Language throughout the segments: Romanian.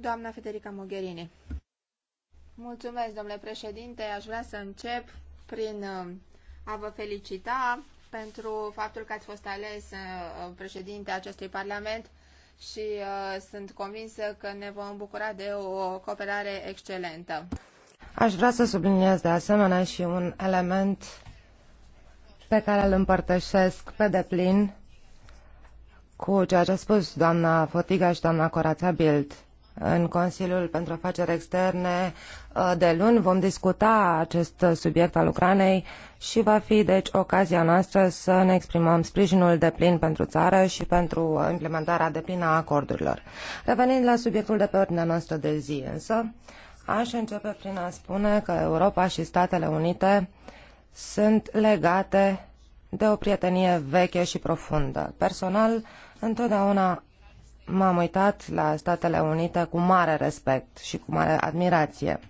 Doamna Federica Mogherini. Mulțumesc, domnule președinte. Aș vrea să încep prin uh, a vă felicita pentru faptul că ați fost ales uh, președinte acestui Parlament și uh, sunt convinsă că ne vom bucura de o cooperare excelentă. Aș vrea să subliniez de asemenea și un element pe care îl împărtășesc pe deplin cu ceea ce a spus doamna Fotiga și doamna Corața Bild în Consiliul pentru Afaceri Externe uh, de luni. Vom discuta acest subiect al Ucranei și va fi deci ocazia noastră să ne exprimăm sprijinul de plin pentru țară și pentru implementarea de plină a acordurilor. Revenind la subiectul de pe ordinea noastră de zi însă, aș începe prin a spune că Europa și Statele Unite sunt legate de o prietenie veche și profundă. Personal, întotdeauna m-am uitat la Statele Unite cu mare respect și cu mare admirație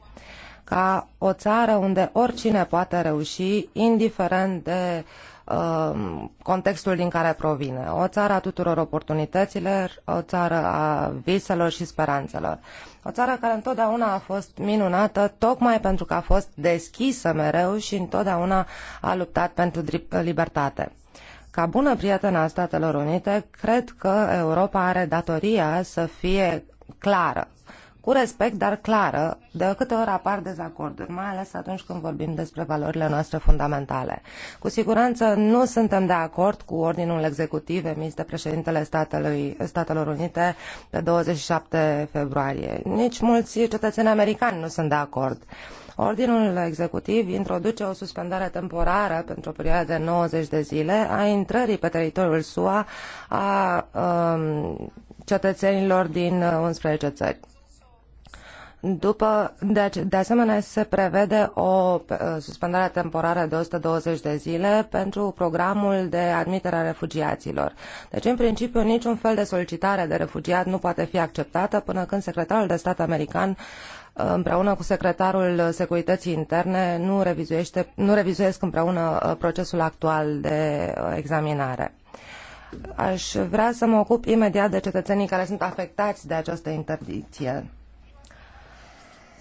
ca o țară unde oricine poate reuși, indiferent de uh, contextul din care provine. O țară a tuturor oportunităților, o țară a viselor și speranțelor. O țară care întotdeauna a fost minunată, tocmai pentru că a fost deschisă mereu și întotdeauna a luptat pentru libertate. Ca bună prietenă a Statelor Unite, cred că Europa are datoria să fie clară cu respect, dar clară, de câte ori apar dezacorduri, mai ales atunci când vorbim despre valorile noastre fundamentale. Cu siguranță nu suntem de acord cu ordinul executiv emis de președintele Statelui, Statelor Unite pe 27 februarie. Nici mulți cetățeni americani nu sunt de acord. Ordinul executiv introduce o suspendare temporară pentru o perioadă de 90 de zile a intrării pe teritoriul SUA a um, cetățenilor din 11 uh, țări. După, de, de asemenea, se prevede o uh, suspendare temporară de 120 de zile pentru programul de admitere a refugiaților. Deci, în principiu, niciun fel de solicitare de refugiat nu poate fi acceptată până când secretarul de stat american uh, împreună cu secretarul Securității Interne nu, revizuiește, nu revizuiesc împreună uh, procesul actual de examinare. Aș vrea să mă ocup imediat de cetățenii care sunt afectați de această interdicție.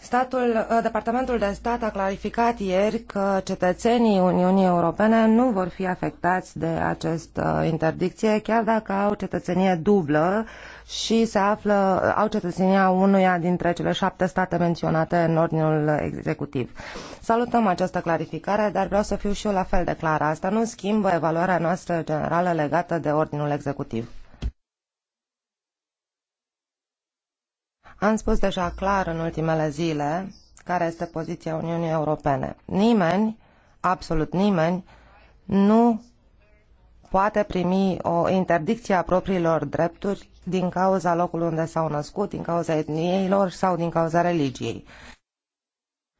Statul, uh, Departamentul de Stat a clarificat ieri că cetățenii Uniunii Europene nu vor fi afectați de această uh, interdicție, chiar dacă au cetățenie dublă și se află, uh, au cetățenia unuia dintre cele șapte state menționate în ordinul executiv. Salutăm această clarificare, dar vreau să fiu și eu la fel de clară. Asta nu schimbă evaluarea noastră generală legată de ordinul executiv. Am spus deja clar în ultimele zile care este poziția Uniunii Europene. Nimeni, absolut nimeni, nu poate primi o interdicție a propriilor drepturi din cauza locului unde s-au născut, din cauza etniei lor sau din cauza religiei.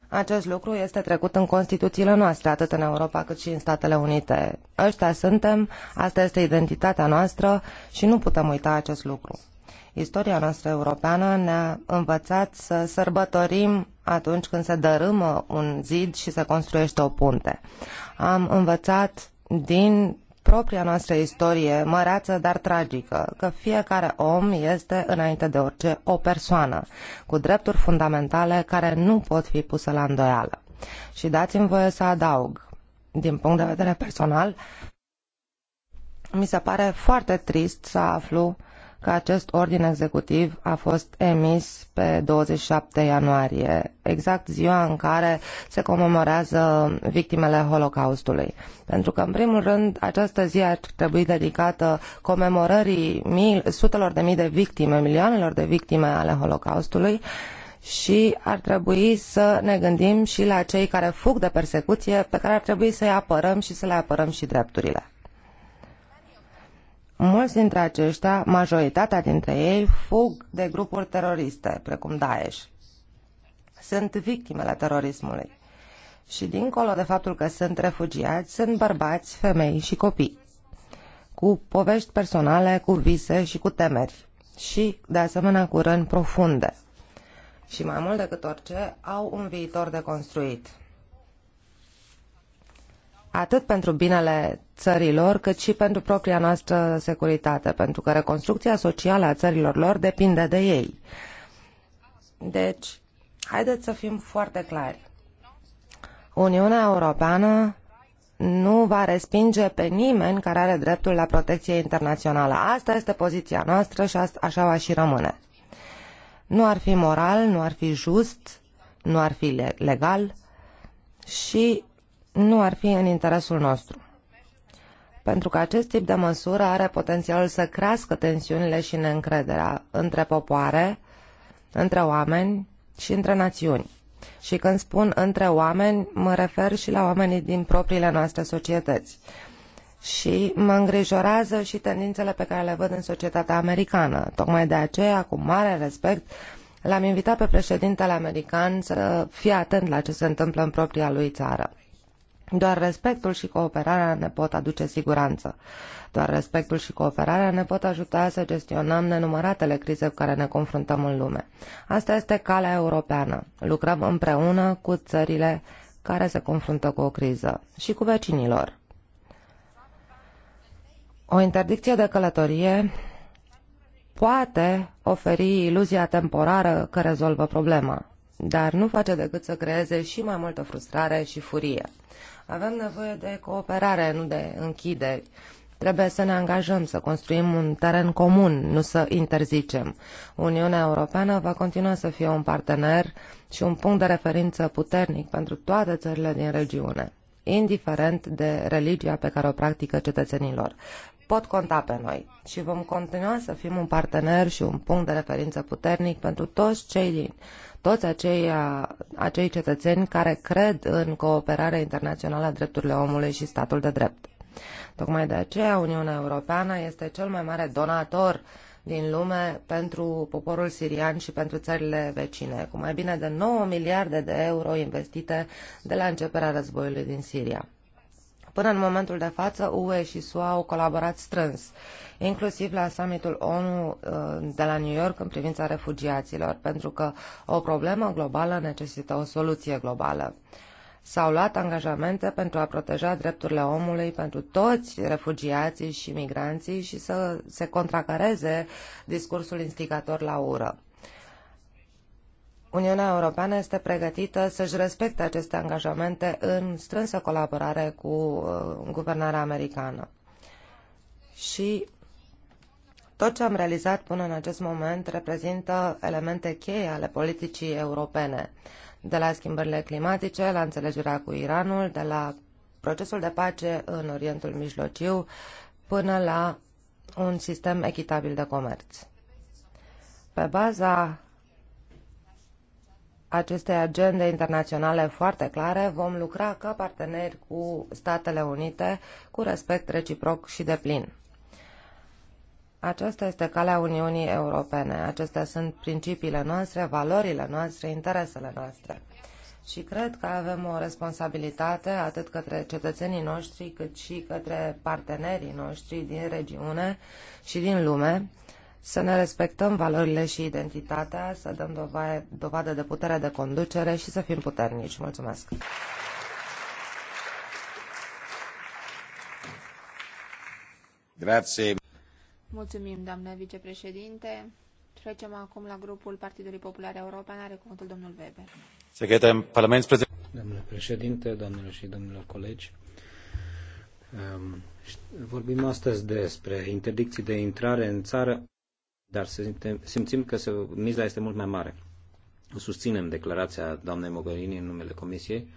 Acest lucru este trecut în Constituțiile noastre, atât în Europa cât și în Statele Unite. Ăștia suntem, asta este identitatea noastră și nu putem uita acest lucru. Istoria noastră europeană ne-a învățat să sărbătorim atunci când se dărâmă un zid și se construiește o punte. Am învățat din propria noastră istorie, măreață, dar tragică, că fiecare om este, înainte de orice, o persoană, cu drepturi fundamentale care nu pot fi puse la îndoială. Și dați-mi voie să adaug, din punct de vedere personal, mi se pare foarte trist să aflu că acest ordin executiv a fost emis pe 27 ianuarie, exact ziua în care se comemorează victimele Holocaustului. Pentru că, în primul rând, această zi ar trebui dedicată comemorării mii, sutelor de mii de victime, milioanelor de victime ale Holocaustului, și ar trebui să ne gândim și la cei care fug de persecuție, pe care ar trebui să-i apărăm și să le apărăm și drepturile. Mulți dintre aceștia, majoritatea dintre ei, fug de grupuri teroriste, precum Daesh. Sunt victimele terorismului. Și dincolo de faptul că sunt refugiați, sunt bărbați, femei și copii, cu povești personale, cu vise și cu temeri, și, de asemenea, cu răni profunde. Și mai mult decât orice, au un viitor de construit atât pentru binele țărilor, cât și pentru propria noastră securitate, pentru că reconstrucția socială a țărilor lor depinde de ei. Deci, haideți să fim foarte clari. Uniunea Europeană nu va respinge pe nimeni care are dreptul la protecție internațională. Asta este poziția noastră și așa va și rămâne. Nu ar fi moral, nu ar fi just, nu ar fi legal și nu ar fi în interesul nostru. Pentru că acest tip de măsură are potențialul să crească tensiunile și neîncrederea între popoare, între oameni și între națiuni. Și când spun între oameni, mă refer și la oamenii din propriile noastre societăți. Și mă îngrijorează și tendințele pe care le văd în societatea americană. Tocmai de aceea, cu mare respect, l-am invitat pe președintele american să fie atent la ce se întâmplă în propria lui țară. Doar respectul și cooperarea ne pot aduce siguranță. Doar respectul și cooperarea ne pot ajuta să gestionăm nenumăratele crize cu care ne confruntăm în lume. Asta este calea europeană. Lucrăm împreună cu țările care se confruntă cu o criză și cu vecinilor. O interdicție de călătorie poate oferi iluzia temporară că rezolvă problema, dar nu face decât să creeze și mai multă frustrare și furie. Avem nevoie de cooperare, nu de închideri. Trebuie să ne angajăm, să construim un teren comun, nu să interzicem. Uniunea Europeană va continua să fie un partener și un punct de referință puternic pentru toate țările din regiune, indiferent de religia pe care o practică cetățenilor. Pot conta pe noi și vom continua să fim un partener și un punct de referință puternic pentru toți cei din toți aceia, acei cetățeni care cred în cooperarea internațională a drepturile omului și statul de drept. Tocmai de aceea Uniunea Europeană este cel mai mare donator din lume pentru poporul sirian și pentru țările vecine, cu mai bine de 9 miliarde de euro investite de la începerea războiului din Siria. Până în momentul de față, UE și SUA au colaborat strâns, inclusiv la summitul ONU uh, de la New York în privința refugiaților, pentru că o problemă globală necesită o soluție globală s-au luat angajamente pentru a proteja drepturile omului pentru toți refugiații și migranții și să se contracareze discursul instigator la ură. Uniunea Europeană este pregătită să-și respecte aceste angajamente în strânsă colaborare cu uh, guvernarea americană. Și tot ce am realizat până în acest moment reprezintă elemente cheie ale politicii europene, de la schimbările climatice, la înțelegerea cu Iranul, de la procesul de pace în Orientul Mijlociu, până la un sistem echitabil de comerț. Pe baza acestei agende internaționale foarte clare, vom lucra ca parteneri cu Statele Unite cu respect reciproc și de plin. Aceasta este calea Uniunii Europene. Acestea sunt principiile noastre, valorile noastre, interesele noastre. Și cred că avem o responsabilitate atât către cetățenii noștri, cât și către partenerii noștri din regiune și din lume să ne respectăm valorile și identitatea, să dăm dovadă de putere de conducere și să fim puternici. Mulțumesc! Grazie. Mulțumim, doamnă vicepreședinte. Trecem acum la grupul Partidului Popular European. Are cuvântul domnul Weber. Secretar Parlament, Domnule președinte, doamnelor și domnilor colegi, um, vorbim astăzi despre interdicții de intrare în țară dar simțim că se, miza este mult mai mare. Susținem declarația doamnei Mogherini în numele Comisiei,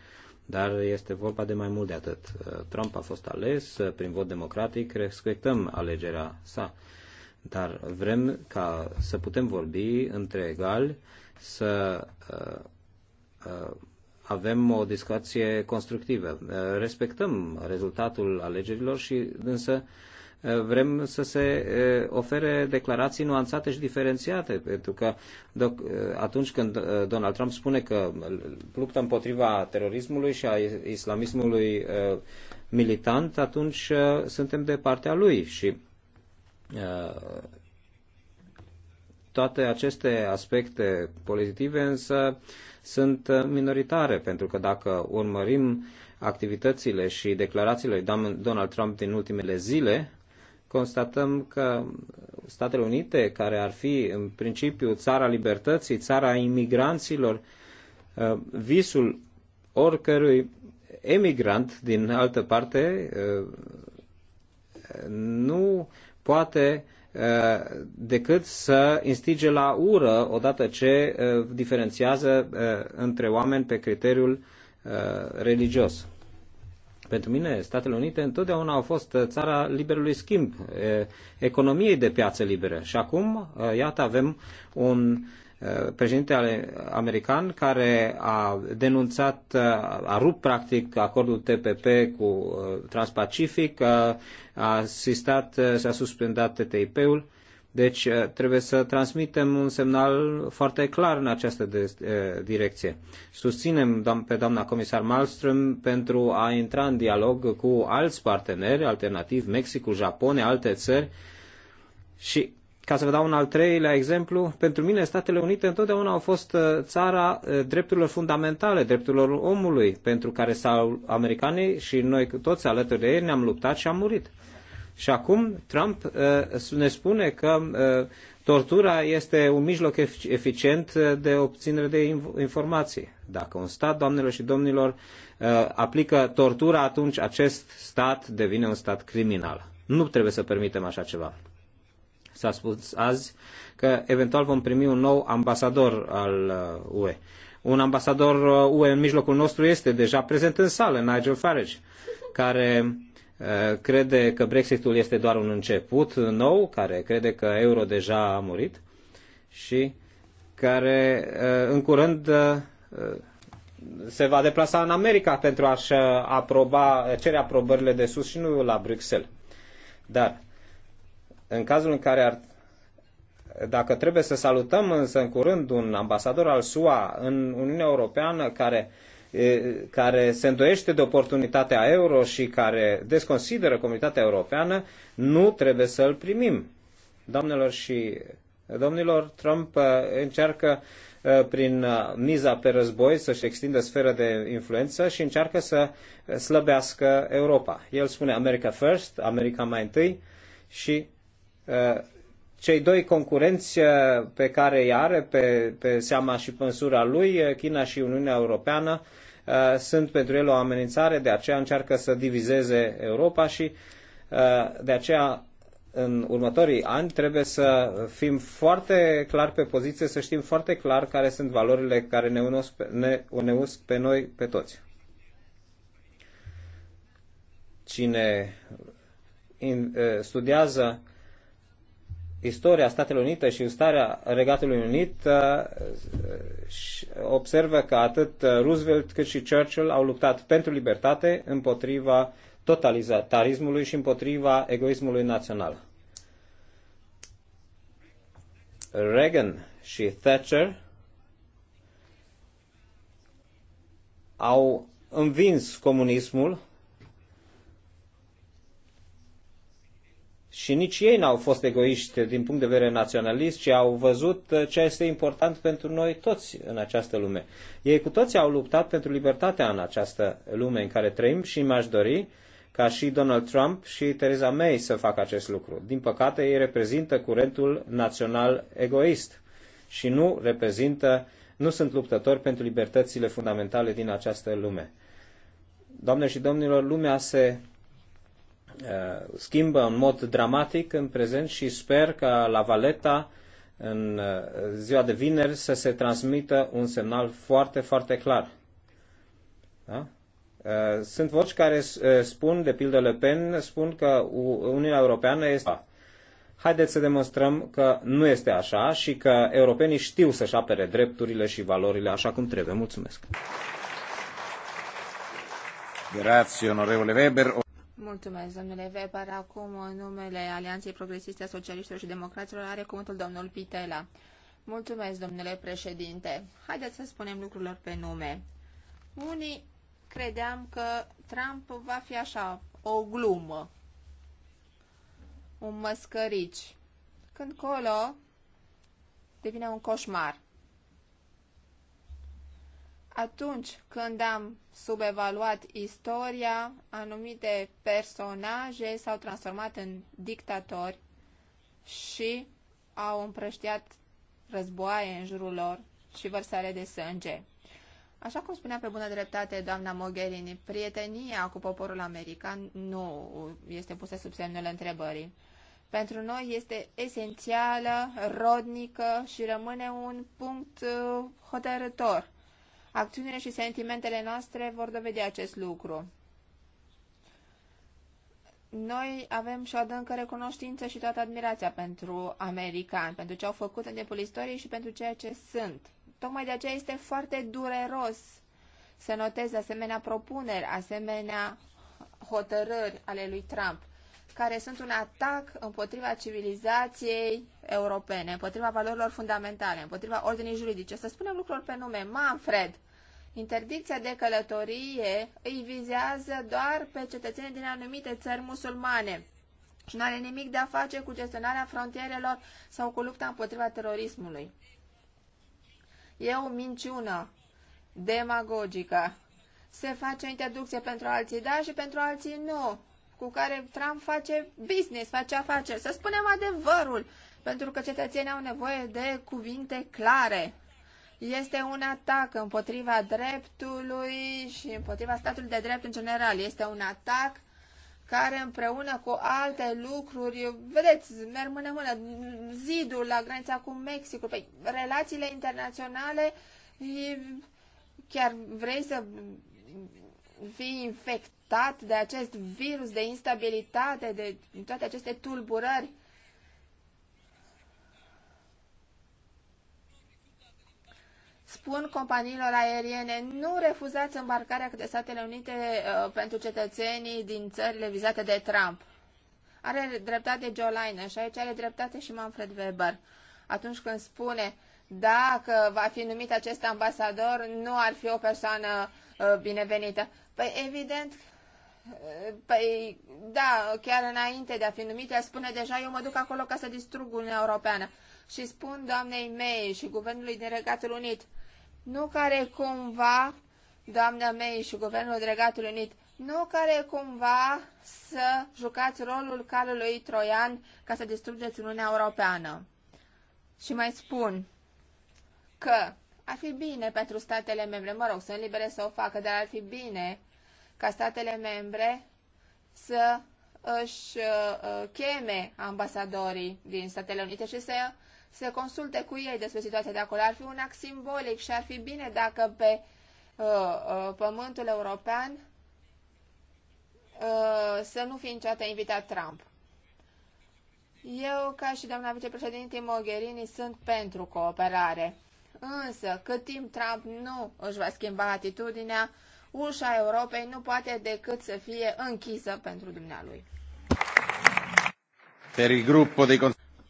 dar este vorba de mai mult de atât. Trump a fost ales prin vot democratic, respectăm alegerea sa, dar vrem ca să putem vorbi între egali, să uh, uh, avem o discuție constructivă. Respectăm rezultatul alegerilor și însă uh, Vrem să se eh, ofere declarații nuanțate și diferențiate, pentru că eh, atunci când eh, Donald Trump spune că luptă împotriva terorismului și a islamismului militant, atunci suntem de partea lui și toate aceste aspecte pozitive însă sunt minoritare, pentru că dacă urmărim activitățile și declarațiile lui Donald Trump din ultimele zile, constatăm că Statele Unite, care ar fi în principiu țara libertății, țara imigranților, uh, visul oricărui emigrant din altă parte uh, nu poate uh, decât să instige la ură odată ce diferențiază între oameni pe criteriul religios. Pentru mine, Statele Unite întotdeauna au fost țara liberului schimb, economiei de piață liberă. Și acum, iată, avem un președinte american care a denunțat, a rupt practic acordul TPP cu Transpacific, a asistat, s-a suspendat TTIP-ul deci eh, trebuie să transmitem un semnal foarte clar în această eh, direcție. Susținem pe doamna comisar Malmström pentru a intra în dialog cu alți parteneri, alternativ Mexicul, Japonia, alte țări. Și ca să vă dau un al treilea exemplu, pentru mine Statele Unite întotdeauna au fost eh, țara drepturilor fundamentale, drepturilor omului, pentru care s-au americanii și noi toți alături de ei ne-am luptat și am murit. Și acum Trump uh, ne spune că uh, tortura este un mijloc eficient uh, de obținere de informații. Dacă un stat, doamnelor și domnilor, aplică tortura, atunci acest stat devine un stat criminal. Nu trebuie să permitem așa ceva. S-a spus azi că eventual vom primi un nou ambasador al UE. Un ambasador UE în mijlocul nostru este deja prezent în sală, Nigel Farage, care crede că Brexitul este doar un început nou, care crede că euro deja a murit și care uh, în curând uh, se va deplasa în America pentru a-și uh, aproba, cere aprobările de sus și nu la Bruxelles. Dar în cazul în care ar, dacă trebuie să salutăm însă în curând un ambasador al SUA în Uniunea Europeană care uh, care se îndoiește de oportunitatea euro și care desconsideră comunitatea europeană, nu trebuie să-l primim. Doamnelor și domnilor, Trump încearcă prin miza pe război să-și extindă sfera de influență și încearcă să slăbească Europa. El spune America first, America mai întâi și cei doi concurenți uh, pe care îi are pe, pe seama și măsura lui, uh, China și Uniunea Europeană, uh, sunt pentru el o amenințare, de aceea încearcă să divizeze Europa și de aceea în următorii ani trebuie să fim foarte clar pe poziție, să știm foarte clar care sunt valorile care ne unesc pe, ne unesc pe noi, pe toți. Cine studiază istoria Statelor Unite și starea Regatului Unit, uh, observă că atât Roosevelt cât și Churchill au luptat pentru libertate împotriva totalitarismului și împotriva egoismului național. Reagan și Thatcher au învins comunismul și nici ei n-au fost egoiști din punct de vedere naționalist, ci au văzut uh, ce este important pentru noi toți în această lume. Ei cu toții au luptat pentru libertatea în această lume în care trăim și mi-aș dori ca și Donald Trump și Theresa May să facă acest lucru. Din păcate, ei reprezintă curentul național egoist și nu reprezintă, nu sunt luptători pentru libertățile fundamentale din această lume. Doamne și domnilor, lumea se Uh, schimbă în mod dramatic în prezent și sper că la Valeta în uh, ziua de vineri să se transmită un semnal foarte, foarte clar. Da? Uh, sunt voci care spun, de pildă Le Pen, spun că Uniunea Europeană este... Haideți să demonstrăm că nu este așa și că europenii știu să-și apere drepturile și valorile așa cum trebuie. Mulțumesc! Grazie, onorevole Weber. Mulțumesc, domnule Weber. Acum, în numele Alianței Progresiste a Socialiștilor și Democraților, are cuvântul domnul Pitela. Mulțumesc, domnule președinte. Haideți să spunem lucrurilor pe nume. Unii credeam că Trump va fi așa, o glumă, un măscărici. Când colo, devine un coșmar atunci când am subevaluat istoria, anumite personaje s-au transformat în dictatori și au împrăștiat războaie în jurul lor și vărsare de sânge. Așa cum spunea pe bună dreptate doamna Mogherini, prietenia cu poporul american nu este pusă sub semnul întrebării. Pentru noi este esențială, rodnică și rămâne un punct uh, hotărător Acțiunile și sentimentele noastre vor dovedi acest lucru. Noi avem și o adâncă recunoștință și toată admirația pentru americani, pentru ce au făcut în timpul istoriei și pentru ceea ce sunt. Tocmai de aceea este foarte dureros să noteze asemenea propuneri, asemenea hotărâri ale lui Trump care sunt un atac împotriva civilizației europene, împotriva valorilor fundamentale, împotriva ordinii juridice. Să spunem lucruri pe nume. Manfred, interdicția de călătorie îi vizează doar pe cetățenii din anumite țări musulmane și nu are nimic de a face cu gestionarea frontierelor sau cu lupta împotriva terorismului. E o minciună demagogică. Se face o interdicție pentru alții da și pentru alții nu cu care Trump face business, face afaceri. Să spunem adevărul, pentru că cetățenii au nevoie de cuvinte clare. Este un atac împotriva dreptului și împotriva statului de drept în general. Este un atac care împreună cu alte lucruri, vedeți, merg mână mână, zidul la granița cu Mexicul, păi, relațiile internaționale, chiar vrei să fi infectat de acest virus de instabilitate, de toate aceste tulburări. Spun companiilor aeriene, nu refuzați îmbarcarea către Statele Unite uh, pentru cetățenii din țările vizate de Trump. Are dreptate Joe Liner și aici are dreptate și Manfred Weber. Atunci când spune, dacă va fi numit acest ambasador, nu ar fi o persoană uh, Uh, binevenită. Păi evident, uh, păi da, chiar înainte de a fi numită, ea spune deja eu mă duc acolo ca să distrug Uniunea Europeană. Și spun doamnei mei și guvernului din Regatul Unit, nu care cumva, doamna mei și guvernul Regatul Unit, nu care cumva să jucați rolul calului troian ca să distrugeți Uniunea Europeană. Și mai spun că ar fi bine pentru statele membre, mă rog, sunt libere să o facă, dar ar fi bine ca statele membre să își uh, uh, cheme ambasadorii din Statele Unite și să se consulte cu ei despre situația de acolo. Ar fi un act simbolic și ar fi bine dacă pe uh, uh, pământul european uh, să nu fi niciodată invitat Trump. Eu, ca și doamna vicepreședinte Mogherini, sunt pentru cooperare. Însă, cât timp Trump nu își va schimba atitudinea, ușa Europei nu poate decât să fie închisă pentru dumnealui. Per il gruppo dei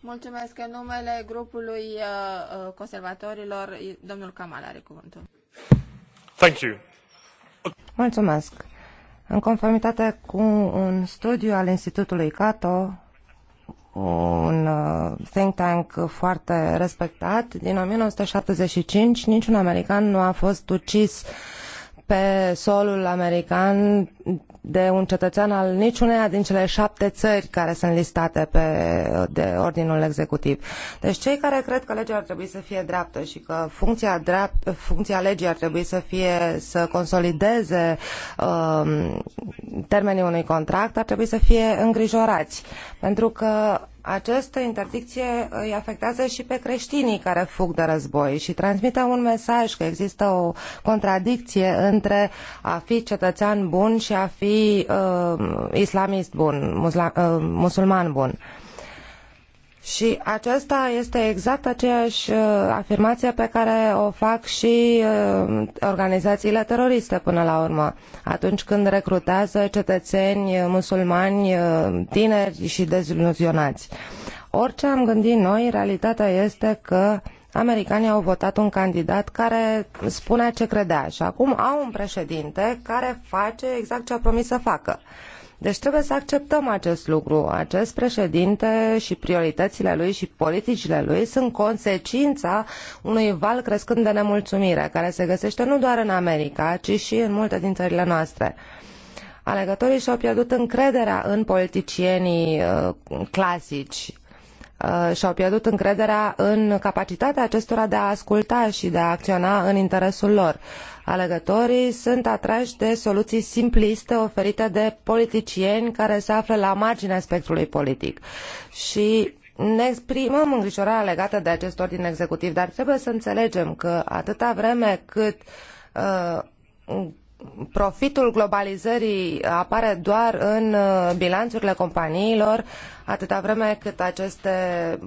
Mulțumesc. În numele grupului uh, uh, conservatorilor, domnul Kamal are cuvântul. Thank you. Mulțumesc. În conformitate cu un studiu al Institutului Cato, un uh, think tank foarte respectat, din 1975 niciun american nu a fost ucis uh, pe solul american de un cetățean al niciuneia din cele șapte țări care sunt listate pe, de ordinul executiv. Deci cei care cred că legea ar trebui să fie dreaptă și că funcția, dreapt, funcția legii ar trebui să fie să consolideze um, termenii unui contract ar trebui să fie îngrijorați. Pentru că această interdicție îi afectează și pe creștinii care fug de război și transmite un mesaj că există o contradicție între a fi cetățean bun și a fi uh, islamist bun, musla, uh, musulman bun. Uh, și aceasta este exact aceeași uh, afirmație pe care o fac și uh, organizațiile teroriste până la urmă. Atunci când recrutează cetățeni uh, musulmani tineri și deziluzionați. Orice am gândit noi, realitatea este că americanii au votat un candidat care spunea ce credea și acum au un președinte care face exact ce a promis să facă. Deci trebuie să acceptăm acest lucru. Acest președinte și prioritățile lui și politicile lui sunt consecința unui val crescând de nemulțumire, care se găsește nu doar în America, ci și în multe din țările noastre. Alegătorii și-au pierdut încrederea în politicienii uh, clasici Uh, și-au pierdut încrederea în capacitatea acestora de a asculta și de a acționa în interesul lor. Alegătorii sunt atrași de soluții simpliste oferite de politicieni care se află la marginea spectrului politic. Și ne exprimăm îngrijorarea legată de acest ordin executiv, dar trebuie să înțelegem că atâta vreme cât uh, profitul globalizării apare doar în uh, bilanțurile companiilor, atâta vreme cât aceste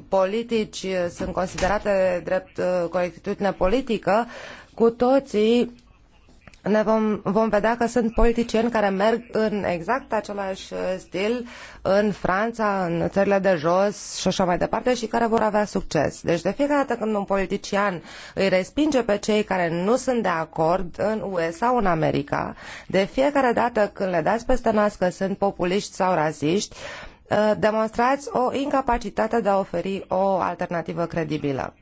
politici uh, sunt considerate drept uh, corectitudine politică, cu toții ne vom, vom vedea că sunt politicieni care merg în exact același uh, stil în Franța, în țările de jos și așa mai departe și care vor avea succes. Deci de fiecare dată când un politician îi respinge pe cei care nu sunt de acord în UE sau în America, de fiecare dată când le dați peste nas că sunt populiști sau raziști, uh, demonstrați o incapacitate de a oferi o alternativă credibilă.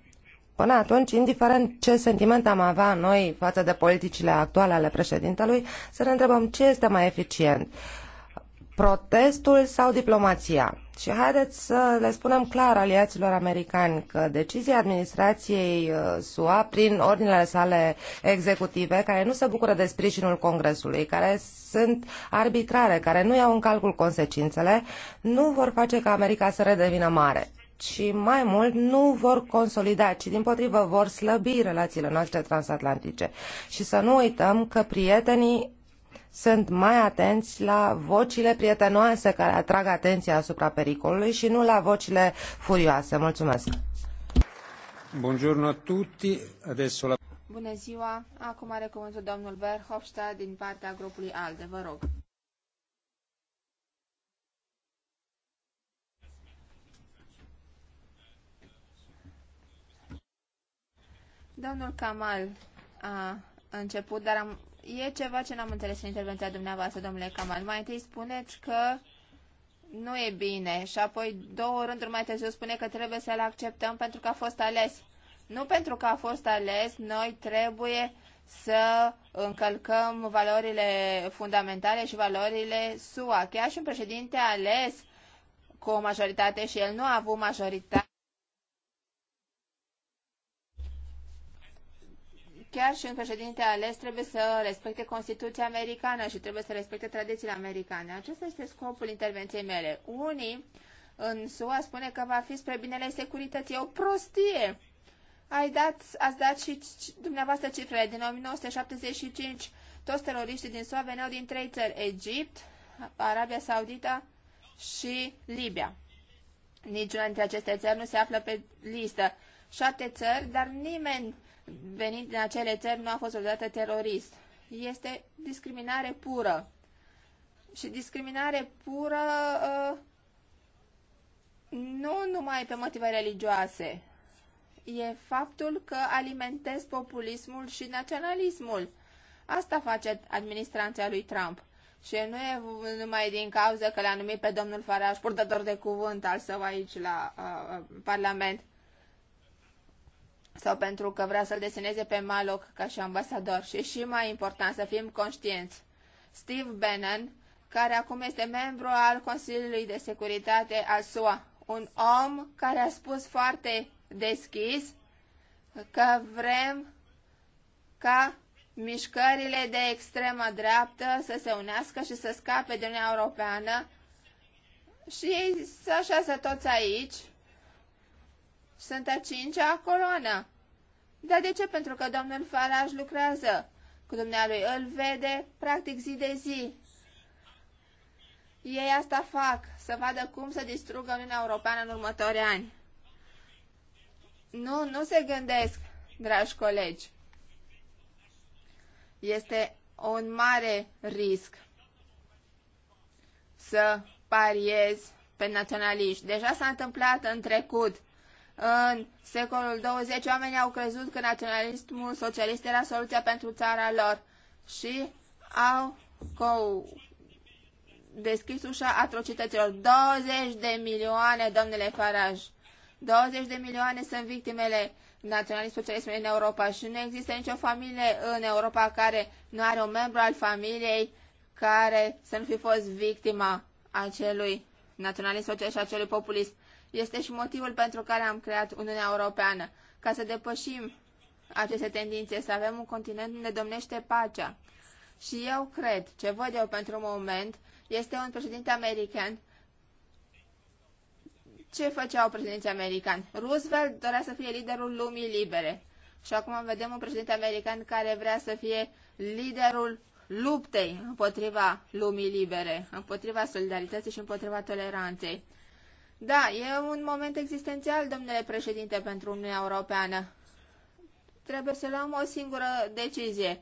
Până atunci, indiferent ce sentiment am avea noi față de politicile actuale ale președintelui, să ne întrebăm ce este mai eficient, protestul sau diplomația. Și haideți să le spunem clar aliaților americani că decizia administrației uh, SUA prin ordinele sale executive, care nu se bucură de sprijinul Congresului, care sunt arbitrare, care nu iau în calcul consecințele, nu vor face ca America să redevină mare și mai mult nu vor consolida, ci din potrivă vor slăbi relațiile noastre transatlantice. Și să nu uităm că prietenii sunt mai atenți la vocile prietenoase care atrag atenția asupra pericolului și nu la vocile furioase. Mulțumesc! tutti. Adesso la... Bună ziua! Acum are cuvântul domnul Verhofstadt din partea grupului ALDE. Vă rog! Domnul Kamal a început, dar am, e ceva ce n-am înțeles în intervenția dumneavoastră, domnule Kamal. Mai întâi spuneți că nu e bine și apoi două rânduri mai târziu spune că trebuie să-l acceptăm pentru că a fost ales. Nu pentru că a fost ales, noi trebuie să încălcăm valorile fundamentale și valorile SUA. Chiar și un președinte ales cu o majoritate și el nu a avut majoritate chiar și un președinte ales trebuie să respecte Constituția americană și trebuie să respecte tradițiile americane. Acesta este scopul intervenției mele. Unii în SUA spune că va fi spre binele securității. o prostie! Ai dat, ați dat și dumneavoastră cifrele. Din 1975, toți teroriștii din SUA veneau din trei țări. Egipt, Arabia Saudită și Libia. Niciuna dintre aceste țări nu se află pe listă. Șapte țări, dar nimeni venit din acele țări nu a fost vreodată terorist. Este discriminare pură. Și discriminare pură uh, nu numai pe motive religioase. E faptul că alimentez populismul și naționalismul. Asta face administrația lui Trump. Și nu e numai din cauza că l-a numit pe domnul Faraș purtător de cuvânt al său aici la uh, uh Parlament sau pentru că vrea să-l deseneze pe Maloc ca și ambasador. Și și mai important, să fim conștienți. Steve Bannon, care acum este membru al Consiliului de Securitate al SUA, un om care a spus foarte deschis că vrem ca mișcările de extremă dreaptă să se unească și să scape de Uniunea Europeană și să așează toți aici sunt a cincea coloană. Dar de ce? Pentru că domnul Faraj lucrează. Cu dumnealui îl vede, practic zi de zi. Ei asta fac, să vadă cum să distrugă Uniunea Europeană în următorii ani. Nu, nu se gândesc, dragi colegi. Este un mare risc să pariezi pe naționaliști. Deja s-a întâmplat în trecut. În secolul 20 oamenii au crezut că naționalismul socialist era soluția pentru țara lor și au deschis ușa atrocităților. 20 de milioane, domnule Faraj. 20 de milioane sunt victimele naționalist socialismului în Europa și nu există nicio familie în Europa care nu are un membru al familiei care să nu fi fost victima acelui naționalist socialist și acelui populist. Este și motivul pentru care am creat Uniunea Europeană, ca să depășim aceste tendințe, să avem un continent unde domnește pacea. Și eu cred, ce văd eu pentru un moment, este un președinte american. Ce făcea un președinte american? Roosevelt dorea să fie liderul lumii libere. Și acum vedem un președinte american care vrea să fie liderul luptei împotriva lumii libere, împotriva solidarității și împotriva toleranței. Da, e un moment existențial, domnule președinte, pentru Uniunea Europeană. Trebuie să luăm o singură decizie.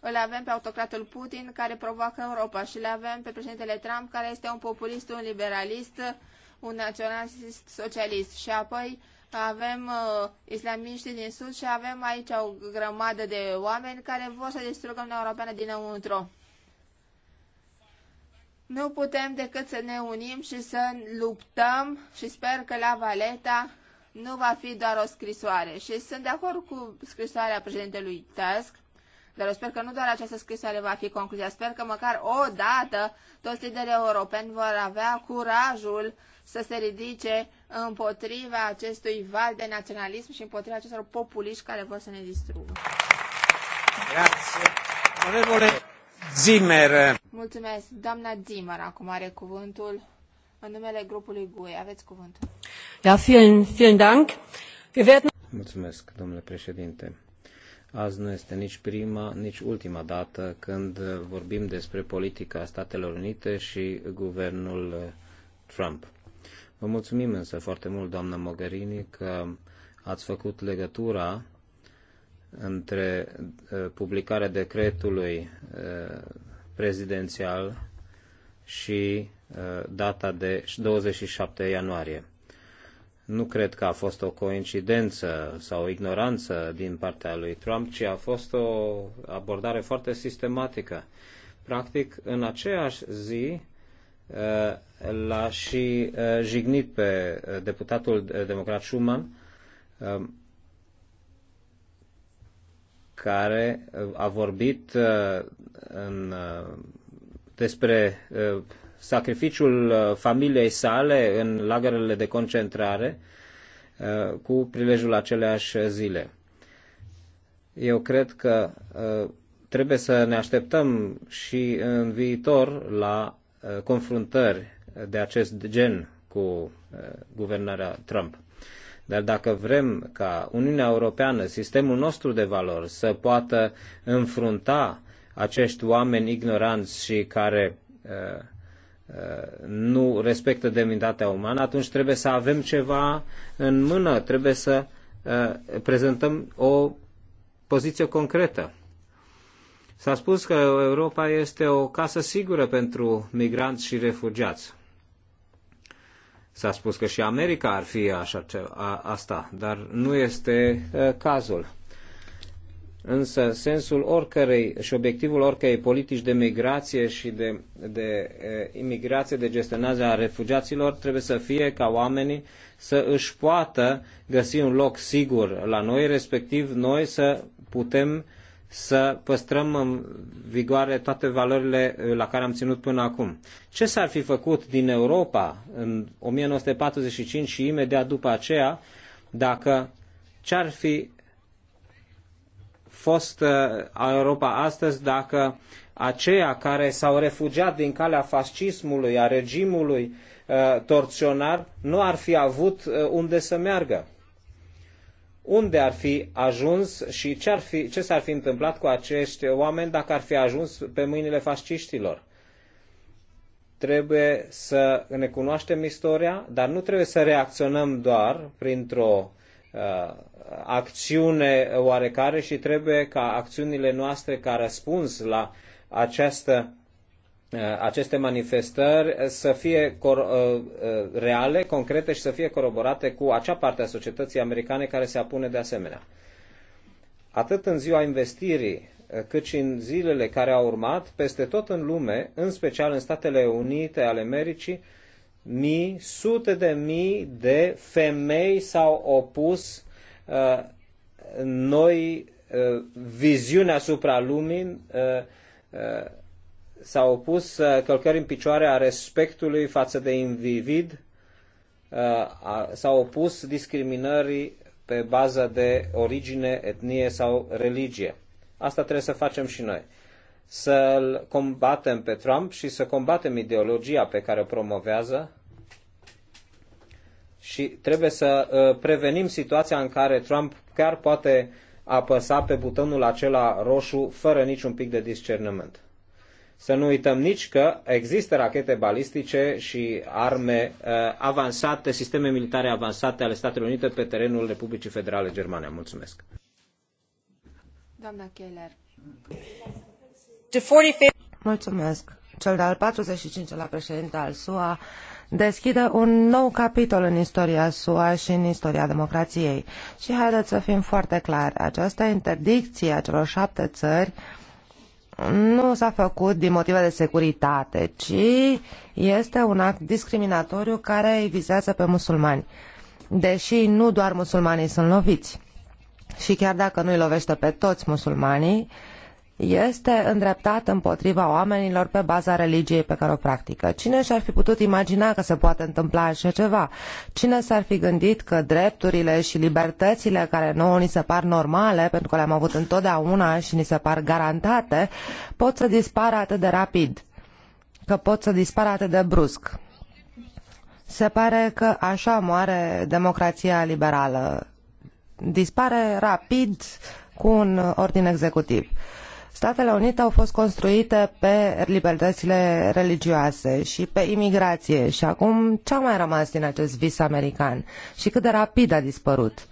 Îl avem pe autocratul Putin care provoacă Europa și îl avem pe președintele Trump care este un populist, un liberalist, un naționalist socialist. Și apoi avem uh, islamiștii din sud și avem aici o grămadă de oameni care vor să distrugă Uniunea Europeană dinăuntru. Nu putem decât să ne unim și să luptăm și sper că la Valeta nu va fi doar o scrisoare. Și sunt de acord cu scrisoarea președintelui Tusk, dar eu sper că nu doar această scrisoare va fi concluzia. Sper că măcar o dată toți liderii europeni vor avea curajul să se ridice împotriva acestui val de naționalism și împotriva acestor populiști care vor să ne distrugă. Grazie. Zimmer. Mulțumesc. Doamna Zimmer acum are cuvântul în numele grupului GUE. Aveți cuvântul. Ja, vielen, vielen Dank. Wir werden... Mulțumesc, domnule președinte. Azi nu este nici prima, nici ultima dată când vorbim despre politica Statelor Unite și guvernul uh, Trump. Vă mulțumim însă foarte mult, doamnă Mogherini, că ați făcut legătura între uh, publicarea decretului uh, prezidențial și uh, data de 27 ianuarie. Nu cred că a fost o coincidență sau o ignoranță din partea lui Trump, ci a fost o abordare foarte sistematică. Practic, în aceeași zi, l-a și jignit pe deputatul democrat Schumann care uh, a vorbit uh, în, uh, despre sacrificiul familiei sale în lagărele de concentrare cu prilejul aceleași zile. Eu cred că trebuie să ne așteptăm și în viitor la confruntări de acest gen cu guvernarea Trump. Dar dacă vrem ca Uniunea Europeană, sistemul nostru de valori, să poată înfrunta acești oameni ignoranți și care uh, uh nu respectă demnitatea umană, atunci trebuie să avem ceva în mână, trebuie să uh, prezentăm o poziție concretă. S-a spus că Europa este o casă sigură pentru migranți și refugiați. S-a spus că și America ar fi așa ce, a, asta, dar nu este uh, cazul. Însă sensul oricărei și obiectivul oricărei politici de migrație și de, de uh, imigrație, de gestionare a refugiaților, trebuie să fie ca oamenii să își poată găsi un loc sigur la noi, respectiv noi să putem uh, să păstrăm în vigoare toate valorile la care am ținut până acum. Ce s-ar fi făcut din Europa în 1945 și imediat după aceea dacă ce-ar fi fost uh, Europa astăzi dacă aceia care s-au refugiat din calea fascismului, a regimului uh, torționar, nu ar fi avut uh, unde să meargă unde ar fi ajuns și ce, ar fi, ce s-ar fi întâmplat cu acești oameni dacă ar fi ajuns pe mâinile fasciștilor. Trebuie să ne cunoaștem istoria, dar nu trebuie să reacționăm doar printr-o uh, acțiune oarecare și trebuie ca acțiunile noastre ca răspuns la această Uh, aceste manifestări să fie uh, uh, reale, concrete și să fie coroborate cu acea parte a societății americane care se apune de asemenea. Atât în ziua investirii, cât și în zilele care au urmat, peste tot în lume, în special în Statele Unite ale Americii, mii, sute de mii de femei s-au opus uh, noi uh, viziuni asupra lumii uh, uh, s-a opus uh, călcării în picioare a respectului față de individ, uh, s-a opus discriminării pe bază de origine, etnie sau religie. Asta trebuie să facem și noi. Să-l combatem pe Trump și să combatem ideologia pe care o promovează și trebuie să uh, prevenim situația în care Trump chiar poate apăsa pe butonul acela roșu fără niciun pic de discernământ. Să nu uităm nici că există rachete balistice și arme uh, avansate, sisteme militare avansate ale Statelor Unite pe terenul Republicii Federale Germane. Mulțumesc. Doamna Keller. Mulțumesc. Cel de-al 45-lea președinte al SUA deschide un nou capitol în istoria SUA și în istoria democrației. Și haideți să fim foarte clari, această interdicție a celor șapte țări nu s-a făcut din motive de securitate, ci este un act discriminatoriu care îi vizează pe musulmani. Deși nu doar musulmanii sunt loviți. Și chiar dacă nu îi lovește pe toți musulmanii, uh, este îndreptat împotriva oamenilor pe baza religiei pe care o practică. Cine și-ar fi putut imagina că se poate întâmpla așa ceva? Cine s-ar fi gândit că drepturile și libertățile care nouă ni se par normale, pentru că le-am avut întotdeauna și ni se par garantate, pot să dispară atât de rapid, că pot să dispară atât de brusc? Se pare că așa moare democrația liberală. Dispare rapid cu un ordin executiv. Uh, Statele Unite au fost construite pe libertățile religioase și pe imigrație și acum ce a mai rămas din acest vis american și cât de rapid a dispărut?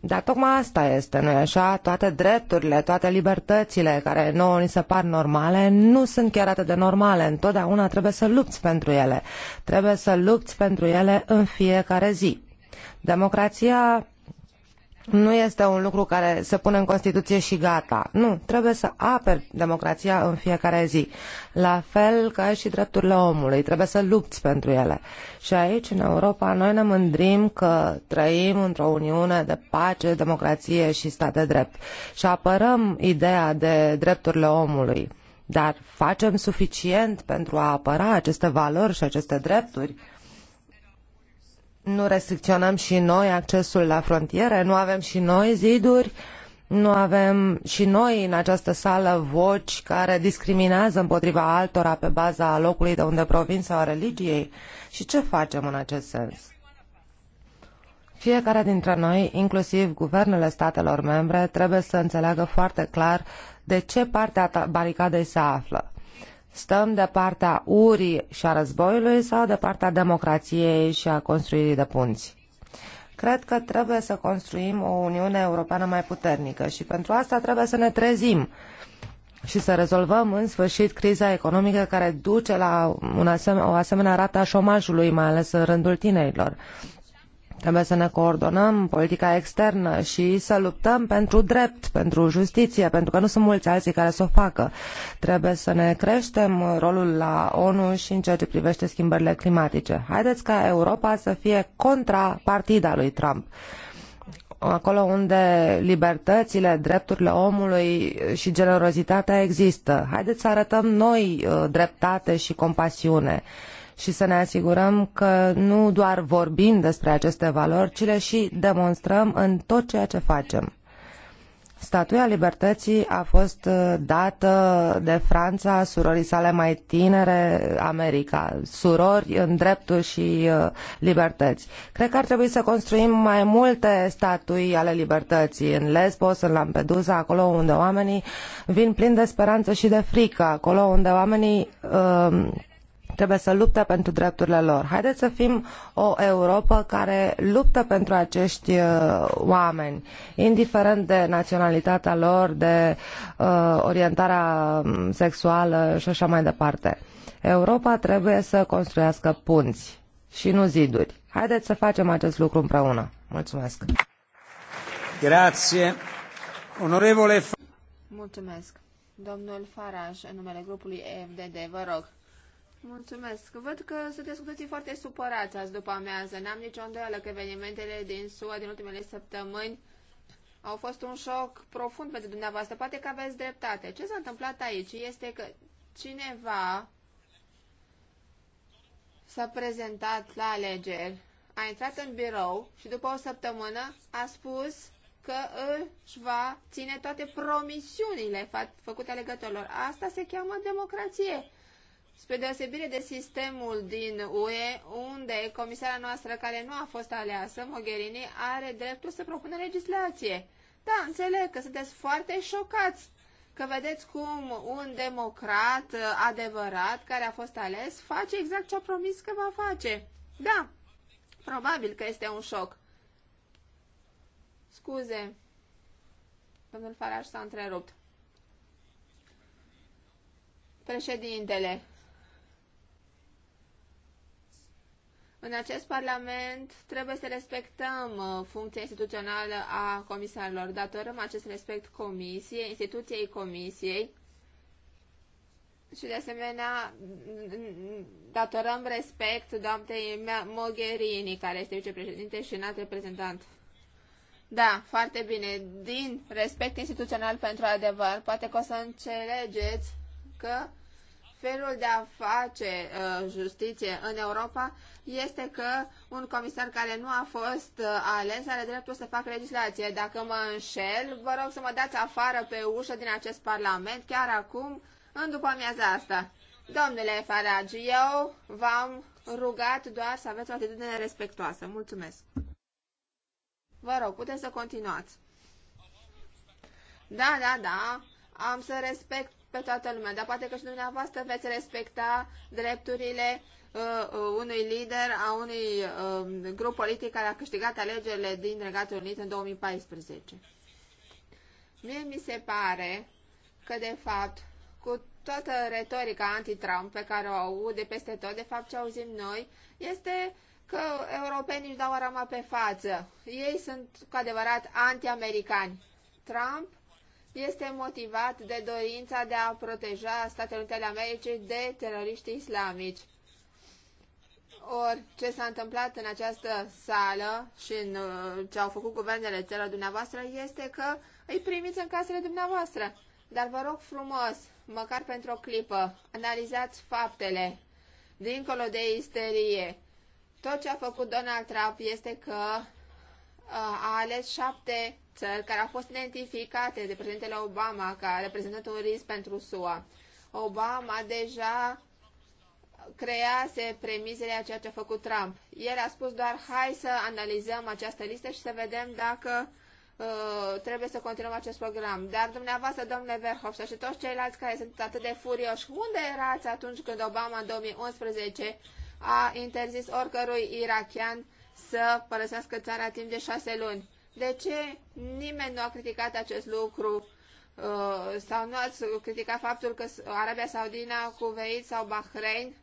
Dar tocmai asta este, nu-i așa? Toate drepturile, toate libertățile care nouă ni se par normale, nu sunt chiar atât de normale. Întotdeauna trebuie să lupți pentru ele. Trebuie să lupți pentru ele în fiecare zi. Democrația nu este un lucru care se pune în Constituție și gata. Nu, trebuie să aperi democrația în fiecare zi. La fel ca și drepturile omului, trebuie să lupți pentru ele. Și aici, în Europa, noi ne mândrim că trăim într-o uniune de pace, democrație și stat de drept. Și apărăm ideea de drepturile omului. Dar facem suficient pentru a apăra aceste valori și aceste drepturi? nu restricționăm și noi accesul la frontiere, nu avem și noi ziduri, nu avem și noi în această sală voci care discriminează împotriva altora pe baza locului de unde provin sau a religiei? Și ce facem în acest sens? Fiecare dintre noi, inclusiv guvernele statelor membre, trebuie să înțeleagă foarte clar de ce parte a baricadei se află. Stăm de partea urii și a războiului sau de partea democrației și a construirii de punți? Cred că trebuie să construim o Uniune Europeană mai puternică și pentru asta trebuie să ne trezim și să rezolvăm în sfârșit criza economică care duce la un o asemenea rată a șomajului, mai ales în rândul tinerilor. Trebuie să ne coordonăm politica externă și să luptăm pentru drept, pentru justiție, pentru că nu sunt mulți alții care să o facă. Trebuie să ne creștem rolul la ONU și în ceea ce privește schimbările climatice. Haideți ca Europa să fie contrapartida lui Trump acolo unde libertățile, drepturile omului și generozitatea există. Haideți să arătăm noi uh, dreptate și compasiune și să ne asigurăm că nu doar vorbim despre aceste valori, ci le și demonstrăm în tot ceea ce facem. Statuia Libertății a fost uh, dată de Franța surorii sale mai tinere, America, surori în drepturi și uh, libertăți. Cred că ar trebui să construim mai multe statui ale libertății în Lesbos, în Lampedusa, acolo unde oamenii vin plini de speranță și de frică, acolo unde oamenii uh, trebuie să lupte pentru drepturile lor. Haideți să fim o Europa care luptă pentru acești uh, oameni, indiferent de naționalitatea lor, de uh, orientarea um, sexuală și așa mai departe. Europa trebuie să construiască punți și nu ziduri. Haideți să facem acest lucru împreună. Mulțumesc! Grazie. Onorevole... Mulțumesc. Domnul Faraj, în numele grupului EFDD, vă rog. Mulțumesc. Văd că sunteți cu toții foarte supărați azi după amiază. N-am nicio îndoială că evenimentele din SUA din ultimele săptămâni au fost un șoc profund pentru dumneavoastră. Poate că aveți dreptate. Ce s-a întâmplat aici este că cineva s-a prezentat la alegeri, a intrat în birou și după o săptămână a spus că își va ține toate promisiunile făcute alegătorilor. Asta se cheamă democrație spre deosebire de sistemul din UE, unde comisara noastră care nu a fost aleasă, Mogherini, are dreptul să propună legislație. Da, înțeleg că sunteți foarte șocați că vedeți cum un democrat adevărat care a fost ales face exact ce a promis că va face. Da, probabil că este un șoc. Scuze, domnul Faraș s-a întrerupt. Președintele, În acest Parlament trebuie să respectăm uh, funcția instituțională a comisarilor. Datorăm acest respect comisiei, instituției comisiei și de asemenea datorăm respect doamnei Mogherini, care este vicepreședinte și înalt reprezentant. Da, foarte bine. Din respect instituțional pentru adevăr, poate că o să înțelegeți că felul de a face uh, justiție în Europa este că un comisar care nu a fost uh, ales are dreptul să facă legislație. Dacă mă înșel, vă rog să mă dați afară pe ușă din acest parlament, chiar acum, în după amiaza asta. Domnule Faragi, eu v-am rugat doar să aveți o atitudine respectoasă. Mulțumesc. Vă rog, puteți să continuați. Da, da, da, am să respect pe toată lumea, dar poate că și dumneavoastră veți respecta drepturile Uh, uh, unui lider a unui uh, grup politic care a câștigat alegerile din Regatul Unit în 2014. Mie mi se pare că, de fapt, cu toată retorica anti-Trump pe care o de peste tot, de fapt ce auzim noi, este că europenii își dau rama pe față. Ei sunt cu adevărat anti-americani. Trump este motivat de dorința de a proteja Statele Unite ale Americii de teroriști islamici. Ori ce s-a întâmplat în această sală și în uh, ce au făcut guvernele țărilor dumneavoastră este că îi primiți în casele dumneavoastră. Dar vă rog frumos, măcar pentru o clipă, analizați faptele, dincolo de isterie. Tot ce a făcut Donald Trump este că uh, a ales șapte țări care au fost identificate de președintele Obama ca reprezentând un risc pentru SUA. Obama deja crease premisele a ceea ce a făcut Trump. El a spus doar hai să analizăm această listă și să vedem dacă uh, trebuie să continuăm acest program. Dar dumneavoastră, domnule Verhofstadt și toți ceilalți care sunt atât de furioși, unde erați atunci când Obama în 2011 a interzis oricărui irachian să părăsească țara timp de șase luni? De ce nimeni nu a criticat acest lucru? Uh, sau nu ați criticat faptul că Arabia Saudina, Kuwait sau Bahrain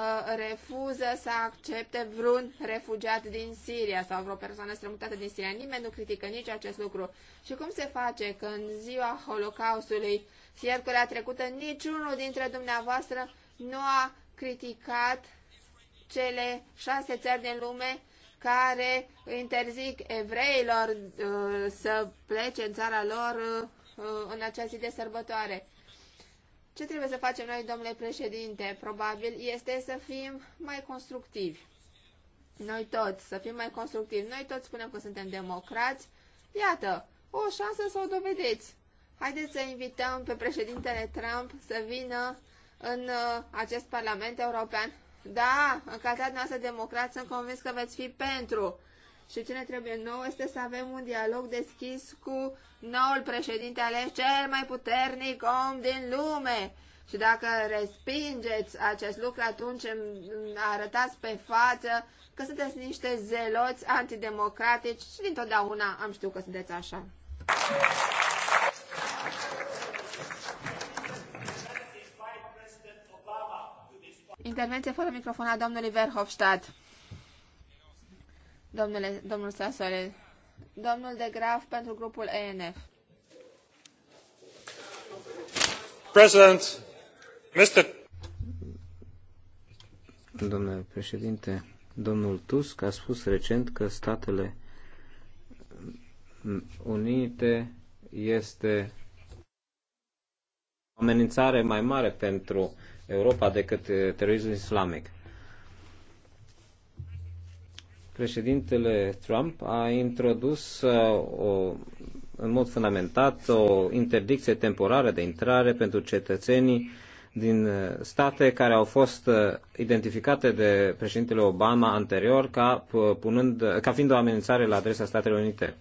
Uh, refuză să accepte vreun refugiat din Siria sau vreo persoană strămutată din Siria. Nimeni nu critică nici acest lucru. Și cum se face că în ziua Holocaustului, fiercurea trecută, niciunul dintre dumneavoastră nu a criticat cele șase țări din lume care interzic evreilor uh, să plece în țara lor uh, în această zi de sărbătoare. Ce trebuie să facem noi, domnule președinte, probabil, este să fim mai constructivi. Noi toți, să fim mai constructivi. Noi toți spunem că suntem democrați. Iată, o șansă să o dovedeți. Haideți să invităm pe președintele Trump să vină în uh, acest Parlament European. Da, în calitatea noastră democrat sunt convins că veți fi pentru și ce ne trebuie nou este să avem un dialog deschis cu noul președinte ales cel mai puternic om din lume. Și dacă respingeți acest lucru, atunci arătați pe față că sunteți niște zeloți antidemocratici și dintotdeauna am știut că sunteți așa. Intervenție fără microfon a domnului Verhofstadt domnule, domnul Sasole. Domnul de Graf pentru grupul ENF. President, Mr. Domnule președinte, domnul Tusk a spus recent că Statele Unite este o amenințare mai mare pentru Europa decât terorismul islamic președintele Trump a introdus uh, o, în mod fundamentat o interdicție temporară de intrare pentru cetățenii din uh, state care au fost uh, identificate de președintele Obama anterior ca, punând, ca fiind o amenințare la adresa Statelor Unite.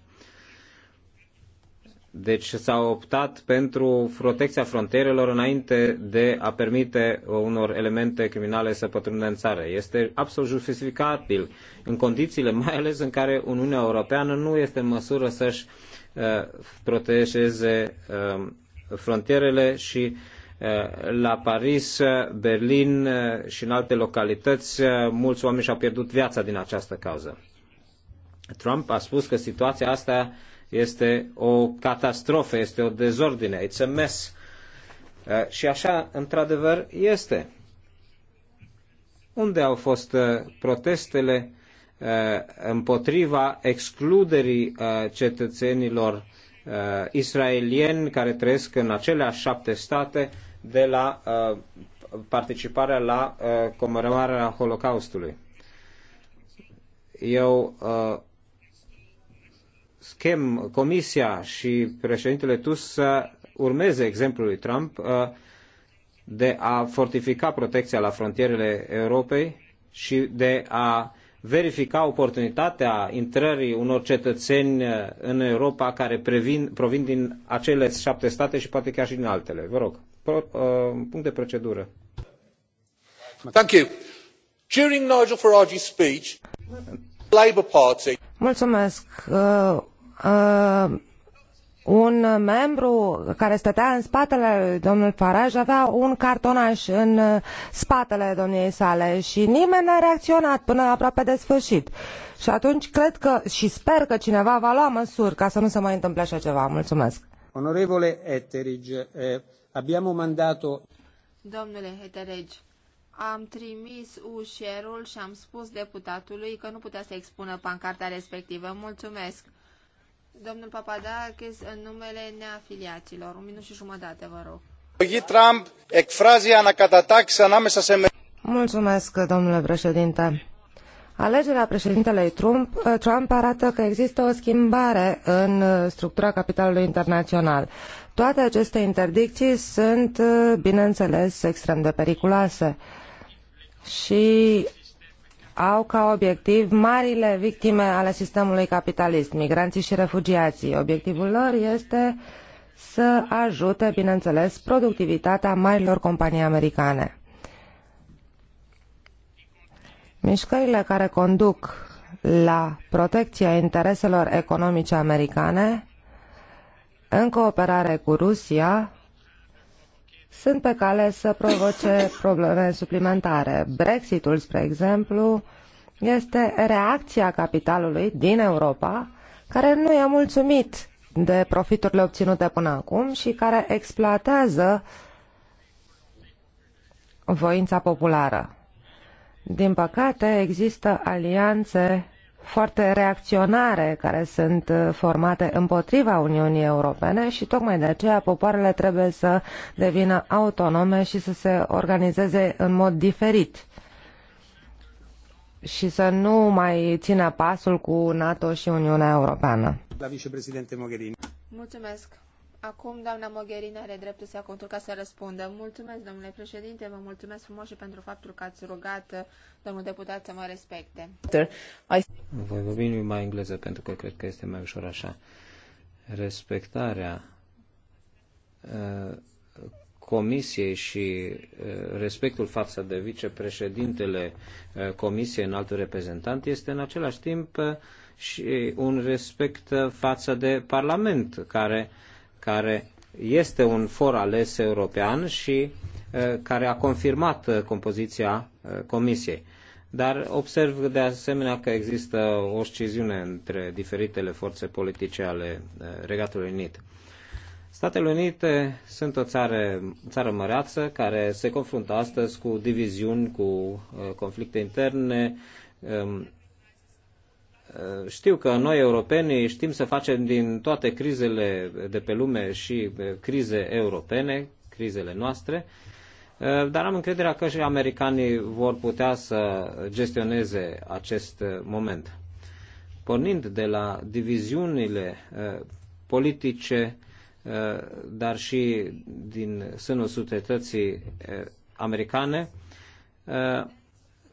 Deci s-a optat pentru protecția frontierelor înainte de a permite unor elemente criminale să pătrundă în țară. Este absolut justificabil în condițiile mai ales în care Uniunea Europeană nu este în măsură să-și uh, protejeze um, frontierele și uh, la Paris, Berlin uh, și în alte localități mulți oameni și-au pierdut viața din această cauză. Trump a spus că situația asta este o catastrofă, este o dezordine, it's a mess. Uh, și așa, într-adevăr, este. Unde au fost uh, protestele uh, împotriva excluderii cetățenilor israelieni care trăiesc în acelea șapte state de la participarea la comemorarea Holocaustului? Eu schem Comisia și președintele Tusk să urmeze lui Trump uh, de a fortifica protecția la frontierele Europei și de a verifica oportunitatea intrării unor cetățeni uh, în Europa care previn, provin din acele șapte state și poate chiar și din altele. Vă rog, Pro, uh, punct de procedură. Thank you. During Nigel Farage's speech, Labour Party. Mulțumesc. Uh, uh, un membru care stătea în spatele lui domnul Farage avea un cartonaș în spatele domniei sale și nimeni n-a reacționat până aproape de sfârșit. Și atunci cred că și sper că cineva va lua măsuri ca să nu se mai întâmple așa ceva. Mulțumesc. Onorevole Etheridge, eh, abbiamo mandato... Domnule Etheridge, am trimis ușierul și am spus deputatului că nu putea să expună pancarta respectivă. Mulțumesc domnul Papadakis în numele neafiliaților. Un minut și jumătate, vă rog. Trump εκφράζει n ανάμεσα se Mulțumesc, domnule președinte. Alegerea președintelui Trump, Trump arată că există o schimbare în structura capitalului internațional. Toate aceste interdicții sunt, bineînțeles, extrem de periculoase și au ca obiectiv marile victime ale sistemului capitalist, migranții și refugiații. Obiectivul lor este să ajute, bineînțeles, productivitatea marilor companii americane. Mișcările care conduc la protecția intereselor economice americane, în cooperare cu Rusia, sunt pe cale să provoce probleme suplimentare. Brexitul, spre exemplu, este reacția capitalului din Europa care nu e mulțumit de profiturile obținute până acum și care exploatează voința populară. Din păcate, există alianțe foarte reacționare care sunt uh, formate împotriva Uniunii Europene și tocmai de aceea popoarele trebuie să devină autonome și să se organizeze în mod diferit și să nu mai țină pasul cu NATO și Uniunea Europeană. La vicepreședinte Mogherini. Mulțumesc. Acum doamna Mogherini are dreptul să ia contul ca să răspundă. Mulțumesc, domnule președinte, vă mulțumesc frumos și pentru faptul că ați rugat domnul deputat să mă respecte. Voi vorbi în limba engleză pentru că cred că este mai ușor așa. Respectarea uh, Comisiei și uh, respectul față de vicepreședintele uh, Comisiei în altul reprezentant este în același timp și un respect față de Parlament, care care este un for ales european și uh, care a confirmat uh, compoziția uh, Comisiei. Dar observ de asemenea că există o sciziune între diferitele forțe politice ale Regatului Unit. Statele Unite sunt o țară, țară măreață care se confruntă astăzi cu diviziuni, cu conflicte interne, um, știu că noi europenii știm să facem din toate crizele de pe lume și eh, crize europene, crizele noastre, eh, dar am încrederea că și americanii vor putea să gestioneze acest eh, moment. Pornind de la diviziunile politice, dar și din sânul societății americane,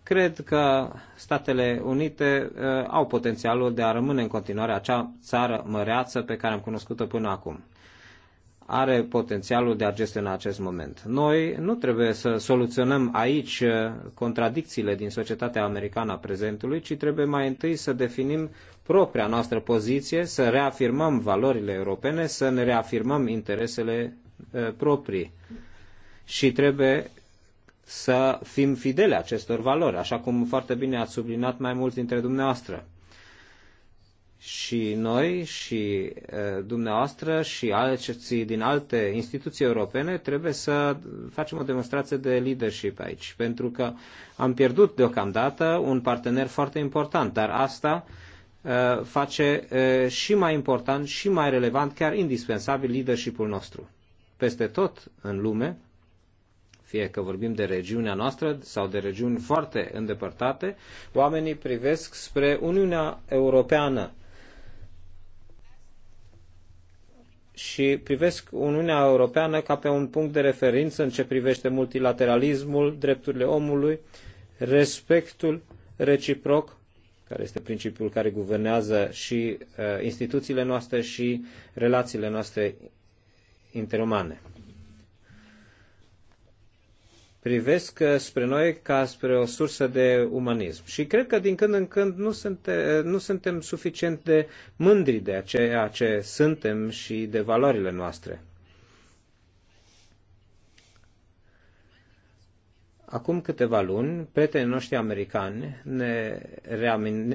Cred că Statele Unite uh, au potențialul de a rămâne în continuare acea țară măreață pe care am cunoscut-o până acum are potențialul de a gestiona acest moment. Noi nu trebuie să soluționăm aici uh, contradicțiile din societatea americană a prezentului, ci trebuie mai întâi să definim propria noastră poziție, să reafirmăm valorile europene, să ne reafirmăm interesele uh, proprii. Și trebuie să fim fidele acestor valori, așa cum foarte bine ați subliniat mai mulți dintre dumneavoastră. Și noi și dumneavoastră și alții din alte instituții europene trebuie să facem o demonstrație de leadership aici, pentru că am pierdut deocamdată un partener foarte important, dar asta face și mai important și mai relevant, chiar indispensabil, leadership-ul nostru. Peste tot în lume, fie că vorbim de regiunea noastră sau de regiuni foarte îndepărtate, oamenii privesc spre Uniunea Europeană și privesc Uniunea Europeană ca pe un punct de referință în ce privește multilateralismul, drepturile omului, respectul reciproc, care este principiul care guvernează și uh, instituțiile noastre și relațiile noastre interumane privesc uh, spre noi ca spre o sursă de umanism. Și cred că din când în când nu, sunte, nu suntem suficient de mândri de ceea ce suntem și de valorile noastre. Acum câteva luni, prietenii noștri americani ne,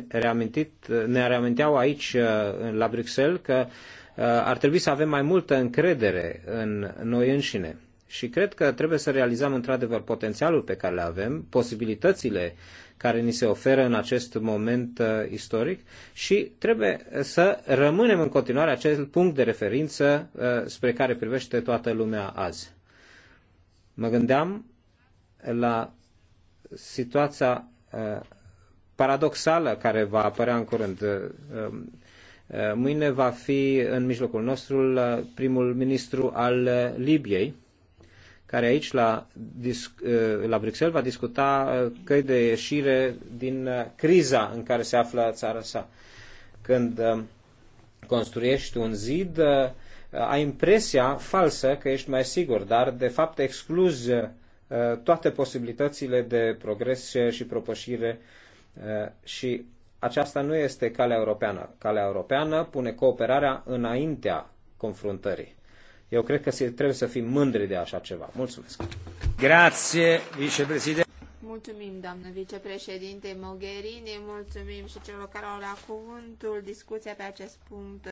reamintit, ne reaminteau aici uh, la Bruxelles că uh, ar trebui să avem mai multă încredere în noi înșine și cred că trebuie să realizăm într-adevăr potențialul pe care le avem, posibilitățile care ni se oferă în acest moment uh, istoric și trebuie uh, să rămânem în continuare acest punct de referință uh, spre care privește toată lumea azi. Mă gândeam la situația uh, paradoxală care va apărea în curând. Uh, um, uh Mâine va fi în mijlocul nostru uh, primul ministru al Libiei care aici la, eh, la Bruxelles va discuta eh, căi de ieșire din eh, criza în care se află țara sa. Când construiești un zid, ai impresia falsă că ești mai sigur, dar de fapt excluzi toate posibilitățile de progres și propășire și aceasta nu este calea europeană. Calea europeană pune cooperarea înaintea confruntării. Eu cred că trebuie să fim mândri de așa ceva. Mulțumesc. Grație, vicepreședinte. Mulțumim, doamnă vicepreședinte Mogherini, mulțumim și celor care au luat cuvântul discuția pe acest punct.